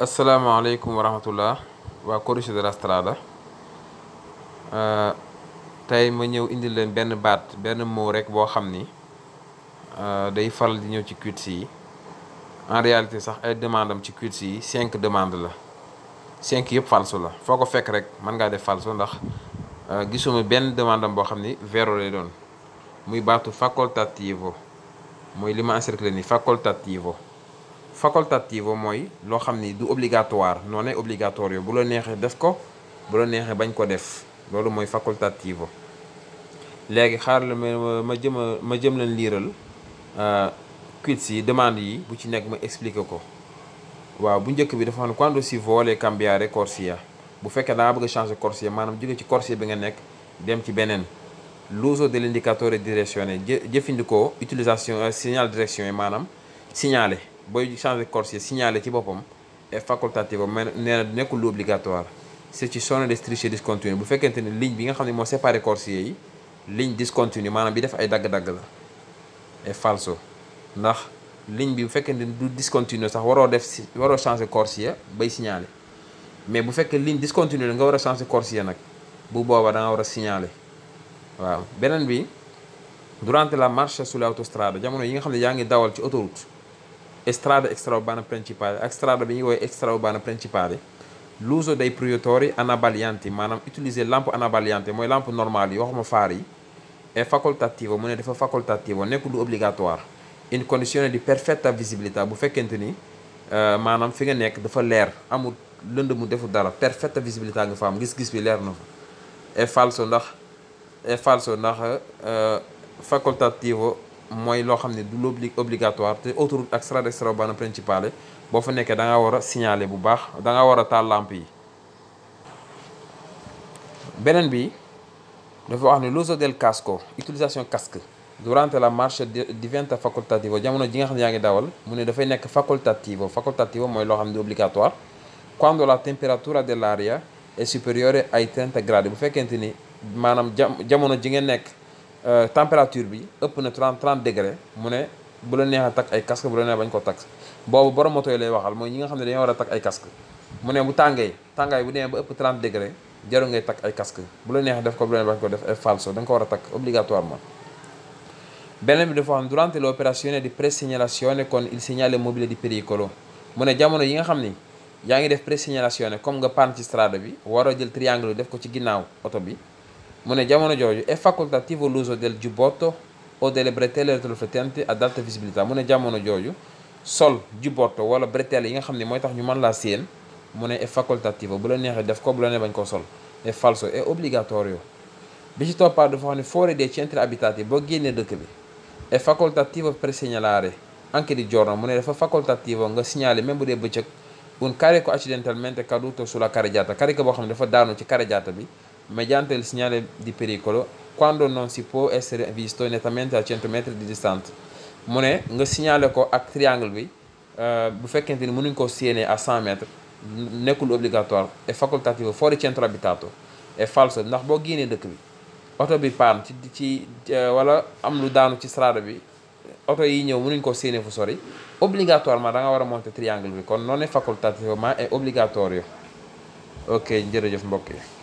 asalaamaaleykum wa rahmatullah waa Corniche de la Strada euh, tey ma ñëw indil leen benn baat benn mot rek boo xam ni euh, day faral di ñëw ci quiz yi en réalité sax ay demande am ci quiz yi cinq demande la cinq yëpp falso la foo ko fekk rek mën ngaa def falso ndax euh, gisuma benn demande boo xam ni vero lay doon muy baatu facultativo mooy li ma encercler ni facultativo facultative mooy loo xam ni du obligatoire noonee obligatoire yooyu bu la neexee def ko bu la neexee bañ ko def loolu mooy facultative léegi xaar la ma jëm a ma jëm leen liiral euh, quiz yi demande yi bu ci nekk ma expliquer ko waaw bu njëkk bi dafa xam ne quando si vuole cambiare corsia bu fekkee da nga bëgg a changer corsia maanaam jóge ci corsia bi nga nekk dem ci beneen l'uso dell'indicatore direzionale jëfandikoo utilisation euh, signal direction yi maanaam signaler booy changer corps signalé ci boppam est facultative am mais nee nekkul lu obligatoire c'est ci zone de striché discontinue bu fekkente ne ligne bi nga xam ne moo séparé corps yi ligne discontinue maanaam bi def ay dagg-dagg la est falso ndax ligne bi bu fekkente ne du discontinue sax waroo def si waroo changer corps ya bay signalé mais bu fekkee ligne discontinue la nga war a changer corps nag bu boobaa da nga war a signalé waaw beneen bi durante la marche sur l'autostrade jamono yi nga xam ne yaa ngi dawal ci autoroute. strada extraurbana principale ak strada bi ñuy woowee extraurbana principale l'uso dei proiettori anabbaglianti maanaam utiliser lampe anabbagliante mooy lampe normale yi waxuma faar yi è facoltativo mu ne dafa facoltativo nekkul du obligatoire in condizione di perfetta visibilità bu fekkente ni euh, maanaam fi nga nekk dafa leer amul lënd mu defu dara perfetta visibilità nga fa am gis-gis bi leer na fa è falso ndax è falso ndax euh, facoltativo mooy loo xam ne du l'obli obligatoire te autoroute ak strada extraurbaine principale boo fa nekkee da nga war a signaler bu baax da nga war a taal lampe yi beneen bi dafa wax ne l'uso del casco utilisation casque durante la marche diventa facultativo jamono ji nga xam ne yaa ngi dawal mu ne dafay nekk facultativo facultativo mooy loo xam ne obligatoire quando la temperatura dell'aria è superiore ay 30 gradi bu fekkente ni maanaam jam jamono ji ngeen nekk Euh, température bi ëpp na 30 30 degré mu ne bu la neexee takk ay casque bu la neexee bañ ko takk boobu borom moto yi lay waxal mooy ñi nga xam ne dañoo war a takk ay casque mu ne tàngee tàngaay bu demee ba ëpp 30 degré jaru ngay takk ay casque bu la neexee def ko bu neexee bañ ko def ay falso da ko war a takk obligatoirement beneen bi dafa xam durante l'operazione di presegnalazione kon il segnale mobile di pericolo mu ne jamono yi nga xam ni yaa ngi def ne comme nga panne ci strada bi waroo jël triangle def ko ci ginnaaw oto bi mu ne jamono jooju è facoltativo l'uso del giubbotto o delle bretelle retroriflettenti ad alta visibilità mu ne jamono jooju sol giubbotto wala bretelle yi nga xam ne mooy tax ñu man laa séen mu ne è facoltativo bu la neexee def ko bu la nee bañ ko sol è falso è obbligatorio bi ci toppaat dafa xam ne fuori dei centri abitati boo génnee dëkk bi è facoltativo per segnalare anche di mu ne dafa facoltativo nga signaler même bu dee bëccëg un carico accidentalmente caduto sulla carreggiata carico boo xam ne dafa daanu ci carreggiata bi mediante il segnale di pericolo quando non si può essere to nettamente a 100 metri di distanza mu ne nga signalé ko ak triangle bi eh, bu fekkente ni mënuñ koo séenee à 100 mètres nekkul obligatoire et facultativo fuori centro abitato è e falso ndax boo génnee dëkk bi oto bi paan ci ci eh, wala am lu daanu ci strada bi oto yi ñëw nuñ ko séenee fu sori obligatoirement ma nga war a monter triangle bi kon non è facultativement et obbligatorio ok jërëjëf mbokk yi